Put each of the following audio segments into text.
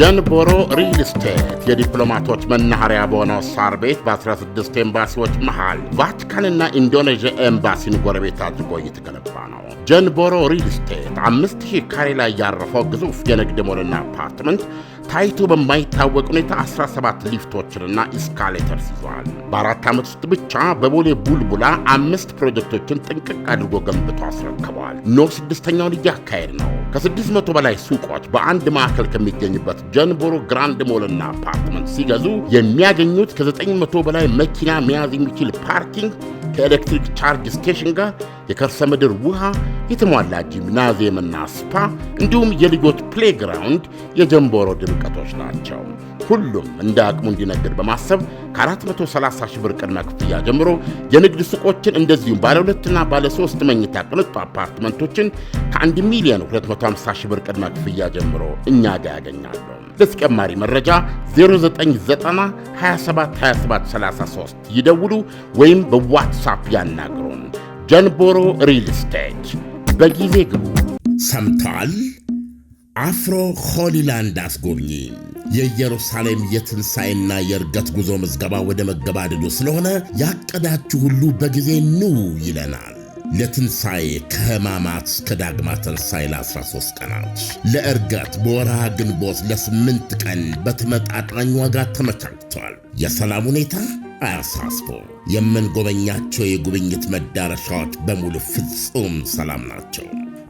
ጀንቦሮ ሪል ስቴት የዲፕሎማቶች መናኸሪያ በሆነው ሳር ቤት በ16 ኤምባሲዎች መሃል ቫቲካንና ኢንዶኔዥያ ኤምባሲን ጎረቤት አድርጎ እየተገነባ ነው። ጀንቦሮ ሪል ስቴት 5000 ካሬ ላይ ያረፈው ግዙፍ የንግድ ሞልና አፓርትመንት ታይቶ በማይታወቅ ሁኔታ 17 ሊፍቶችንና ኢስካሌተርስ ይዘዋል። በአራት ዓመት ውስጥ ብቻ በቦሌ ቡልቡላ አምስት ፕሮጀክቶችን ጥንቅቅ አድርጎ ገንብቶ አስረክበዋል። ኖ ስድስተኛውን እያካሄድ ነው። ከ600 በላይ ሱቆች በአንድ ማዕከል ከሚገኝበት ጀንቦሮ ግራንድ ሞልና አፓርትመንት ሲገዙ የሚያገኙት ከ900 በላይ መኪና መያዝ የሚችል ፓርኪንግ ከኤሌክትሪክ ቻርጅ ስቴሽን ጋር የከርሰ ምድር ውሃ፣ የተሟላ ጂምናዚየምና ስፓ እንዲሁም የልጆች ፕሌግራውንድ የጀንቦሮ ድምቀቶች ናቸው። ሁሉም እንደ አቅሙ እንዲነግድ በማሰብ ከ430 ሺህ ብር ቅድመ ክፍያ ጀምሮ የንግድ ሱቆችን እንደዚሁም ባለ ሁለትና ባለ ሶስት መኝታ ቅንጡ አፓርትመንቶችን ከ1 ሚሊዮን 250 ሺህ ብር ቅድመ ክፍያ ጀምሮ እኛ ጋር ያገኛሉ። ለተጨማሪ መረጃ 09972733 ይደውሉ ወይም በዋትሳፕ ያናግሩን። ጀንቦሮ ሪል ስቴት በጊዜ ግቡ። ሰምተዋል። አፍሮ ሆሊላንድ አስጎብኚ የኢየሩሳሌም የትንሣኤና የእርገት ጉዞ ምዝገባ ወደ መገባደዱ ስለሆነ ያቀዳችሁ ሁሉ በጊዜ ኑ ይለናል። ለትንሣኤ ከህማማት እስከ ዳግማ ትንሣኤ ለ13 ቀናት ለእርገት በወርሃ ግንቦት ለስምንት ቀን በተመጣጣኝ ዋጋ ተመቻችተዋል። የሰላም ሁኔታ አያሳስቦ የምንጎበኛቸው የጉብኝት መዳረሻዎች በሙሉ ፍጹም ሰላም ናቸው።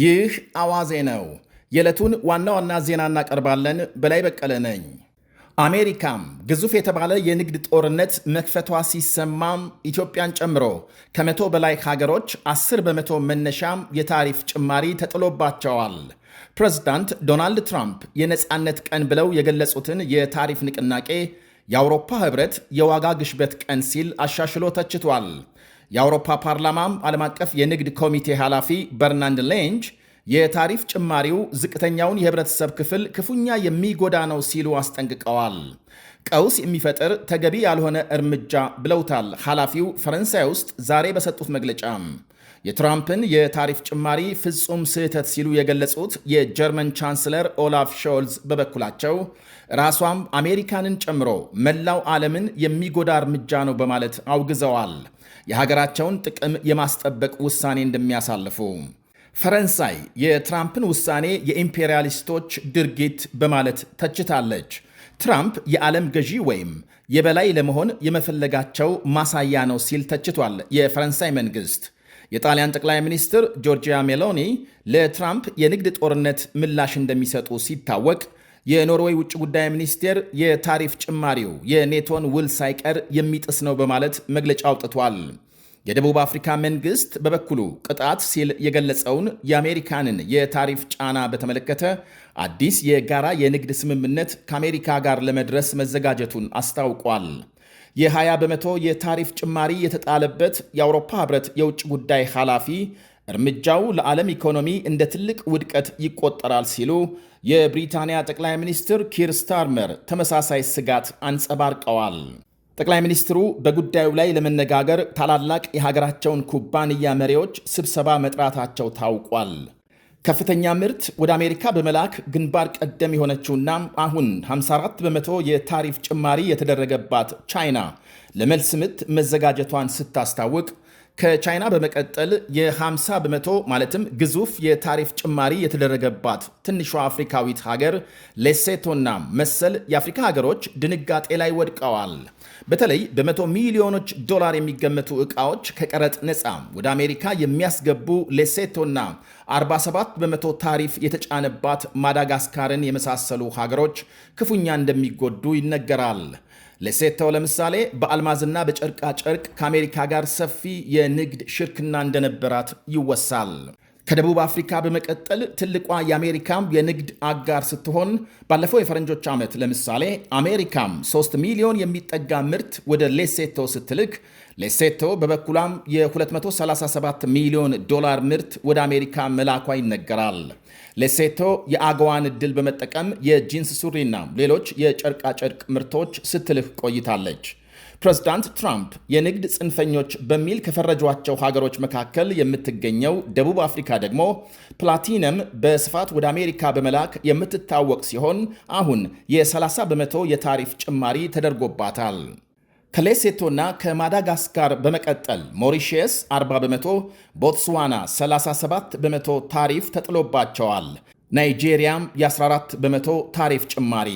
ይህ አዋዜ ነው። የዕለቱን ዋና ዋና ዜና እናቀርባለን። በላይ በቀለ ነኝ። አሜሪካም ግዙፍ የተባለ የንግድ ጦርነት መክፈቷ ሲሰማም ኢትዮጵያን ጨምሮ ከመቶ በላይ ሀገሮች 10 በመቶ መነሻም የታሪፍ ጭማሪ ተጥሎባቸዋል። ፕሬዝዳንት ዶናልድ ትራምፕ የነፃነት ቀን ብለው የገለጹትን የታሪፍ ንቅናቄ የአውሮፓ ህብረት የዋጋ ግሽበት ቀን ሲል አሻሽሎ ተችቷል። የአውሮፓ ፓርላማም ዓለም አቀፍ የንግድ ኮሚቴ ኃላፊ በርናንድ ሌንጅ የታሪፍ ጭማሪው ዝቅተኛውን የህብረተሰብ ክፍል ክፉኛ የሚጎዳ ነው ሲሉ አስጠንቅቀዋል። ቀውስ የሚፈጥር ተገቢ ያልሆነ እርምጃ ብለውታል ኃላፊው ፈረንሳይ ውስጥ ዛሬ በሰጡት መግለጫ። የትራምፕን የታሪፍ ጭማሪ ፍጹም ስህተት ሲሉ የገለጹት የጀርመን ቻንስለር ኦላፍ ሾልዝ በበኩላቸው ራሷም አሜሪካንን ጨምሮ መላው ዓለምን የሚጎዳ እርምጃ ነው በማለት አውግዘዋል። የሀገራቸውን ጥቅም የማስጠበቅ ውሳኔ እንደሚያሳልፉ ፈረንሳይ የትራምፕን ውሳኔ የኢምፔሪያሊስቶች ድርጊት በማለት ተችታለች። ትራምፕ የዓለም ገዢ ወይም የበላይ ለመሆን የመፈለጋቸው ማሳያ ነው ሲል ተችቷል የፈረንሳይ መንግስት። የጣሊያን ጠቅላይ ሚኒስትር ጆርጂያ ሜሎኒ ለትራምፕ የንግድ ጦርነት ምላሽ እንደሚሰጡ ሲታወቅ የኖርዌይ ውጭ ጉዳይ ሚኒስቴር የታሪፍ ጭማሪው የኔቶን ውል ሳይቀር የሚጥስ ነው በማለት መግለጫ አውጥቷል። የደቡብ አፍሪካ መንግስት በበኩሉ ቅጣት ሲል የገለጸውን የአሜሪካንን የታሪፍ ጫና በተመለከተ አዲስ የጋራ የንግድ ስምምነት ከአሜሪካ ጋር ለመድረስ መዘጋጀቱን አስታውቋል። የ20 በመቶ የታሪፍ ጭማሪ የተጣለበት የአውሮፓ ህብረት የውጭ ጉዳይ ኃላፊ እርምጃው ለዓለም ኢኮኖሚ እንደ ትልቅ ውድቀት ይቆጠራል ሲሉ የብሪታንያ ጠቅላይ ሚኒስትር ኪር ስታርመር ተመሳሳይ ስጋት አንጸባርቀዋል። ጠቅላይ ሚኒስትሩ በጉዳዩ ላይ ለመነጋገር ታላላቅ የሀገራቸውን ኩባንያ መሪዎች ስብሰባ መጥራታቸው ታውቋል። ከፍተኛ ምርት ወደ አሜሪካ በመላክ ግንባር ቀደም የሆነችውና አሁን 54 በመቶ የታሪፍ ጭማሪ የተደረገባት ቻይና ለመልስ ምት መዘጋጀቷን ስታስታውቅ ከቻይና በመቀጠል የ50 በመቶ ማለትም ግዙፍ የታሪፍ ጭማሪ የተደረገባት ትንሿ አፍሪካዊት ሀገር ሌሴቶና መሰል የአፍሪካ ሀገሮች ድንጋጤ ላይ ወድቀዋል። በተለይ በመቶ ሚሊዮኖች ዶላር የሚገመቱ ዕቃዎች ከቀረጥ ነፃ ወደ አሜሪካ የሚያስገቡ ሌሴቶና 47 በመቶ ታሪፍ የተጫነባት ማዳጋስካርን የመሳሰሉ ሀገሮች ክፉኛ እንደሚጎዱ ይነገራል። ሌሴቶ ለምሳሌ በአልማዝና በጨርቃ ጨርቅ ከአሜሪካ ጋር ሰፊ የንግድ ሽርክና እንደነበራት ይወሳል። ከደቡብ አፍሪካ በመቀጠል ትልቋ የአሜሪካም የንግድ አጋር ስትሆን ባለፈው የፈረንጆች ዓመት ለምሳሌ አሜሪካም 3 ሚሊዮን የሚጠጋ ምርት ወደ ሌሴቶ ስትልክ ሌሴቶ በበኩሏም የ237 ሚሊዮን ዶላር ምርት ወደ አሜሪካ መላኳ ይነገራል። ሌሴቶ የአገዋን ዕድል በመጠቀም የጂንስ ሱሪና ሌሎች የጨርቃጨርቅ ምርቶች ስትልክ ቆይታለች። ፕሬዝዳንት ትራምፕ የንግድ ጽንፈኞች በሚል ከፈረጇቸው ሀገሮች መካከል የምትገኘው ደቡብ አፍሪካ ደግሞ ፕላቲነም በስፋት ወደ አሜሪካ በመላክ የምትታወቅ ሲሆን አሁን የ30 በመቶ የታሪፍ ጭማሪ ተደርጎባታል። ከሌሴቶና ከማዳጋስካር በመቀጠል ሞሪሼስ 40 በመቶ፣ ቦትስዋና 37 በመቶ ታሪፍ ተጥሎባቸዋል። ናይጄሪያም የ14 በመቶ ታሪፍ ጭማሪ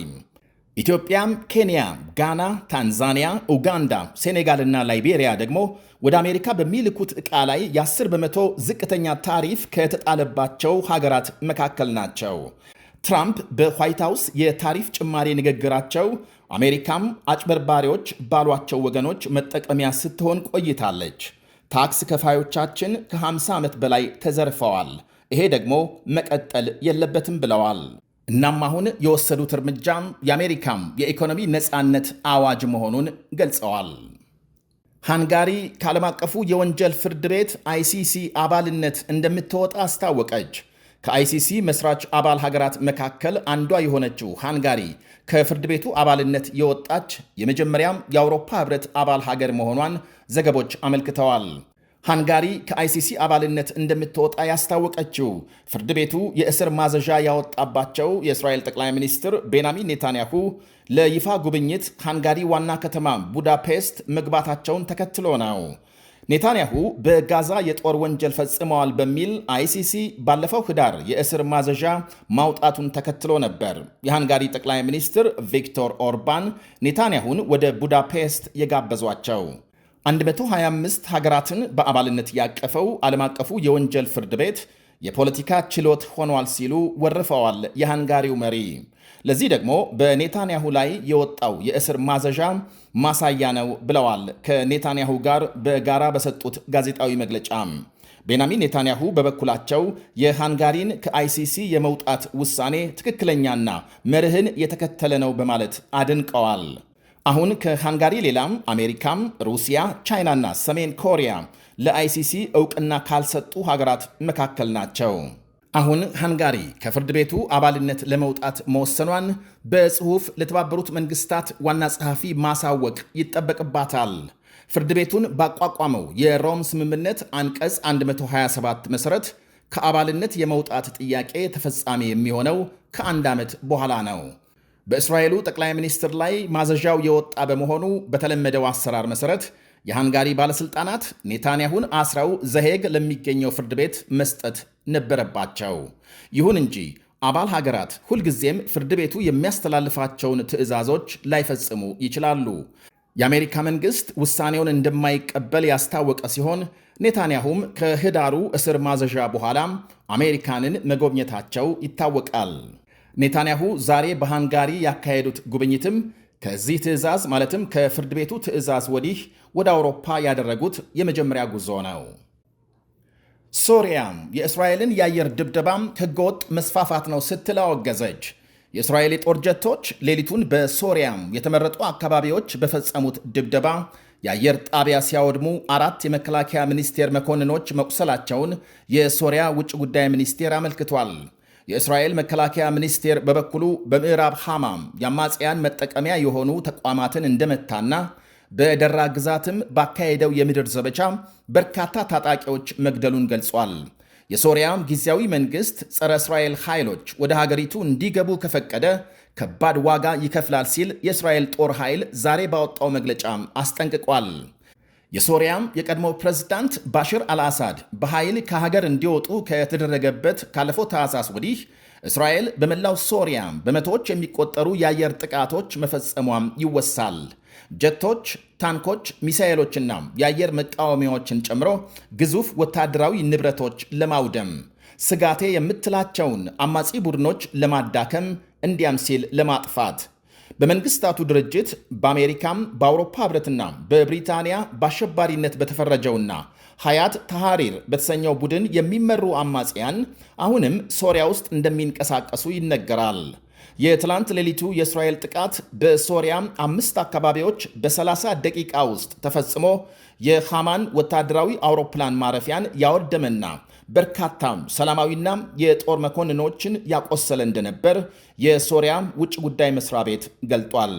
ኢትዮጵያም፣ ኬንያ፣ ጋና፣ ታንዛኒያ፣ ኡጋንዳ፣ ሴኔጋልና ላይቤሪያ ደግሞ ወደ አሜሪካ በሚልኩት ዕቃ ላይ የ10 በመቶ ዝቅተኛ ታሪፍ ከተጣለባቸው ሀገራት መካከል ናቸው። ትራምፕ በዋይት ሃውስ የታሪፍ ጭማሪ ንግግራቸው አሜሪካም አጭበርባሪዎች ባሏቸው ወገኖች መጠቀሚያ ስትሆን ቆይታለች። ታክስ ከፋዮቻችን ከ50 ዓመት በላይ ተዘርፈዋል፣ ይሄ ደግሞ መቀጠል የለበትም ብለዋል። እናም አሁን የወሰዱት እርምጃም የአሜሪካም የኢኮኖሚ ነፃነት አዋጅ መሆኑን ገልጸዋል። ሃንጋሪ ከዓለም አቀፉ የወንጀል ፍርድ ቤት አይሲሲ አባልነት እንደምትወጣ አስታወቀች። ከአይሲሲ መስራች አባል ሀገራት መካከል አንዷ የሆነችው ሃንጋሪ ከፍርድ ቤቱ አባልነት የወጣች የመጀመሪያም የአውሮፓ ሕብረት አባል ሀገር መሆኗን ዘገቦች አመልክተዋል። ሃንጋሪ ከአይሲሲ አባልነት እንደምትወጣ ያስታወቀችው ፍርድ ቤቱ የእስር ማዘዣ ያወጣባቸው የእስራኤል ጠቅላይ ሚኒስትር ቤንያሚን ኔታንያሁ ለይፋ ጉብኝት ሃንጋሪ ዋና ከተማ ቡዳፔስት መግባታቸውን ተከትሎ ነው። ኔታንያሁ በጋዛ የጦር ወንጀል ፈጽመዋል በሚል አይሲሲ ባለፈው ህዳር የእስር ማዘዣ ማውጣቱን ተከትሎ ነበር የሃንጋሪ ጠቅላይ ሚኒስትር ቪክቶር ኦርባን ኔታንያሁን ወደ ቡዳፔስት የጋበዟቸው። 125 ሀገራትን በአባልነት ያቀፈው ዓለም አቀፉ የወንጀል ፍርድ ቤት የፖለቲካ ችሎት ሆኗል ሲሉ ወርፈዋል የሃንጋሪው መሪ። ለዚህ ደግሞ በኔታንያሁ ላይ የወጣው የእስር ማዘዣ ማሳያ ነው ብለዋል ከኔታንያሁ ጋር በጋራ በሰጡት ጋዜጣዊ መግለጫ። ቤንያሚን ኔታንያሁ በበኩላቸው የሃንጋሪን ከአይሲሲ የመውጣት ውሳኔ ትክክለኛና መርህን የተከተለ ነው በማለት አድንቀዋል። አሁን ከሃንጋሪ ሌላም አሜሪካም፣ ሩሲያ፣ ቻይናና ሰሜን ኮሪያ ለአይሲሲ እውቅና ካልሰጡ ሀገራት መካከል ናቸው። አሁን ሃንጋሪ ከፍርድ ቤቱ አባልነት ለመውጣት መወሰኗን በጽሑፍ ለተባበሩት መንግስታት ዋና ጸሐፊ ማሳወቅ ይጠበቅባታል። ፍርድ ቤቱን ባቋቋመው የሮም ስምምነት አንቀጽ 127 መሠረት ከአባልነት የመውጣት ጥያቄ ተፈጻሚ የሚሆነው ከአንድ ዓመት በኋላ ነው። በእስራኤሉ ጠቅላይ ሚኒስትር ላይ ማዘዣው የወጣ በመሆኑ በተለመደው አሰራር መሰረት የሃንጋሪ ባለሥልጣናት ኔታንያሁን አስረው ዘሄግ ለሚገኘው ፍርድ ቤት መስጠት ነበረባቸው። ይሁን እንጂ አባል ሀገራት ሁልጊዜም ፍርድ ቤቱ የሚያስተላልፋቸውን ትዕዛዞች ላይፈጽሙ ይችላሉ። የአሜሪካ መንግሥት ውሳኔውን እንደማይቀበል ያስታወቀ ሲሆን ኔታንያሁም ከህዳሩ እስር ማዘዣ በኋላም አሜሪካንን መጎብኘታቸው ይታወቃል። ኔታንያሁ ዛሬ በሃንጋሪ ያካሄዱት ጉብኝትም ከዚህ ትዕዛዝ ማለትም ከፍርድ ቤቱ ትዕዛዝ ወዲህ ወደ አውሮፓ ያደረጉት የመጀመሪያ ጉዞ ነው። ሶሪያም የእስራኤልን የአየር ድብደባም ህገወጥ መስፋፋት ነው ስትል አወገዘች። የእስራኤል የጦር ጀቶች ሌሊቱን በሶሪያም የተመረጡ አካባቢዎች በፈጸሙት ድብደባ የአየር ጣቢያ ሲያወድሙ አራት የመከላከያ ሚኒስቴር መኮንኖች መቁሰላቸውን የሶሪያ ውጭ ጉዳይ ሚኒስቴር አመልክቷል። የእስራኤል መከላከያ ሚኒስቴር በበኩሉ በምዕራብ ሐማም የአማጽያን መጠቀሚያ የሆኑ ተቋማትን እንደመታና በደራ ግዛትም ባካሄደው የምድር ዘመቻ በርካታ ታጣቂዎች መግደሉን ገልጿል። የሶሪያም ጊዜያዊ መንግሥት ጸረ እስራኤል ኃይሎች ወደ ሀገሪቱ እንዲገቡ ከፈቀደ ከባድ ዋጋ ይከፍላል ሲል የእስራኤል ጦር ኃይል ዛሬ ባወጣው መግለጫም አስጠንቅቋል። የሶሪያም የቀድሞ ፕሬዝዳንት ባሽር አልአሳድ በኃይል ከሀገር እንዲወጡ ከተደረገበት ካለፈው ታህሳስ ወዲህ እስራኤል በመላው ሶሪያ በመቶዎች የሚቆጠሩ የአየር ጥቃቶች መፈጸሟም ይወሳል። ጀቶች፣ ታንኮች፣ ሚሳኤሎችና የአየር መቃወሚያዎችን ጨምሮ ግዙፍ ወታደራዊ ንብረቶች ለማውደም ስጋቴ የምትላቸውን አማጺ ቡድኖች ለማዳከም እንዲያም ሲል ለማጥፋት በመንግስታቱ ድርጅት በአሜሪካም በአውሮፓ ህብረትና በብሪታንያ በአሸባሪነት በተፈረጀውና ሀያት ታሃሪር በተሰኘው ቡድን የሚመሩ አማጽያን አሁንም ሶሪያ ውስጥ እንደሚንቀሳቀሱ ይነገራል። የትላንት ሌሊቱ የእስራኤል ጥቃት በሶሪያ አምስት አካባቢዎች በ30 ደቂቃ ውስጥ ተፈጽሞ የሐማን ወታደራዊ አውሮፕላን ማረፊያን ያወደመና በርካታ ሰላማዊና የጦር መኮንኖችን ያቆሰለ እንደነበር የሶሪያ ውጭ ጉዳይ መስሪያ ቤት ገልጧል።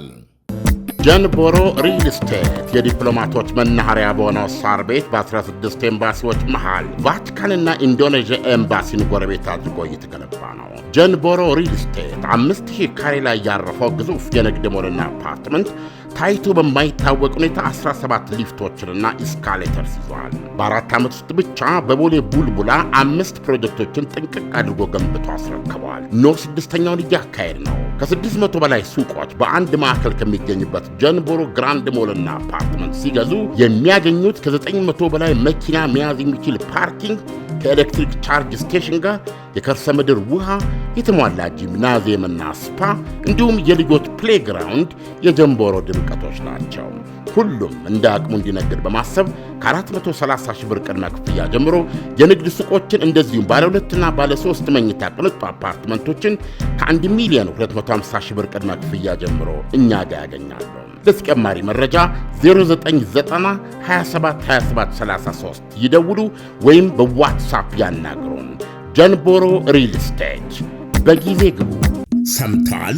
ጀንቦሮ ሪል ስቴት የዲፕሎማቶች መናኸሪያ በሆነው ሳር ቤት በ16 ኤምባሲዎች መሃል ቫቲካንና ኢንዶኔዥያ ኤምባሲን ጎረቤት አድርጎ እየተገነባ ነው። ጀንቦሮ ሪል ስቴት 5000 ካሬ ላይ ያረፈው ግዙፍ የንግድ ሞልና አፓርትመንት ታይቶ በማይታወቅ ሁኔታ 17 ሊፍቶችንና ኢስካሌተርስ ይዘዋል። በአራት ዓመት ውስጥ ብቻ በቦሌ ቡልቡላ አምስት ፕሮጀክቶችን ጥንቅቅ አድርጎ ገንብቶ አስረክበዋል። ኖ ስድስተኛውን እያካሄድ ነው። ከ600 በላይ ሱቆች በአንድ ማዕከል ከሚገኝበት ጀንቦሮ ግራንድ ሞልና አፓርትመንት ሲገዙ የሚያገኙት ከ900 በላይ መኪና መያዝ የሚችል ፓርኪንግ ከኤሌክትሪክ ቻርጅ ስቴሽን ጋር የከርሰ ምድር ውሃ፣ የተሟላ ጂምናዚየምና ስፓ እንዲሁም የልጆች ፕሌግራውንድ የዘንቦሮ ድምቀቶች ናቸው። ሁሉም እንደ አቅሙ እንዲነግድ በማሰብ ከ430 ሺህ ብር ቅድመ ክፍያ ጀምሮ የንግድ ሱቆችን እንደዚሁም ባለ ሁለትና ባለ ሶስት መኝታ ቅንጡ አፓርትመንቶችን ከ1 ሚሊዮን 250 ሺህ ብር ቅድመ ክፍያ ጀምሮ እኛ ጋር ያገኛሉ። ለተጨማሪ መረጃ 0990272733 ይደውሉ ወይም በዋትሳፕ ያናግሩን። ጀንቦሮ ሪል ስቴት በጊዜ ግቡ። ሰምተዋል።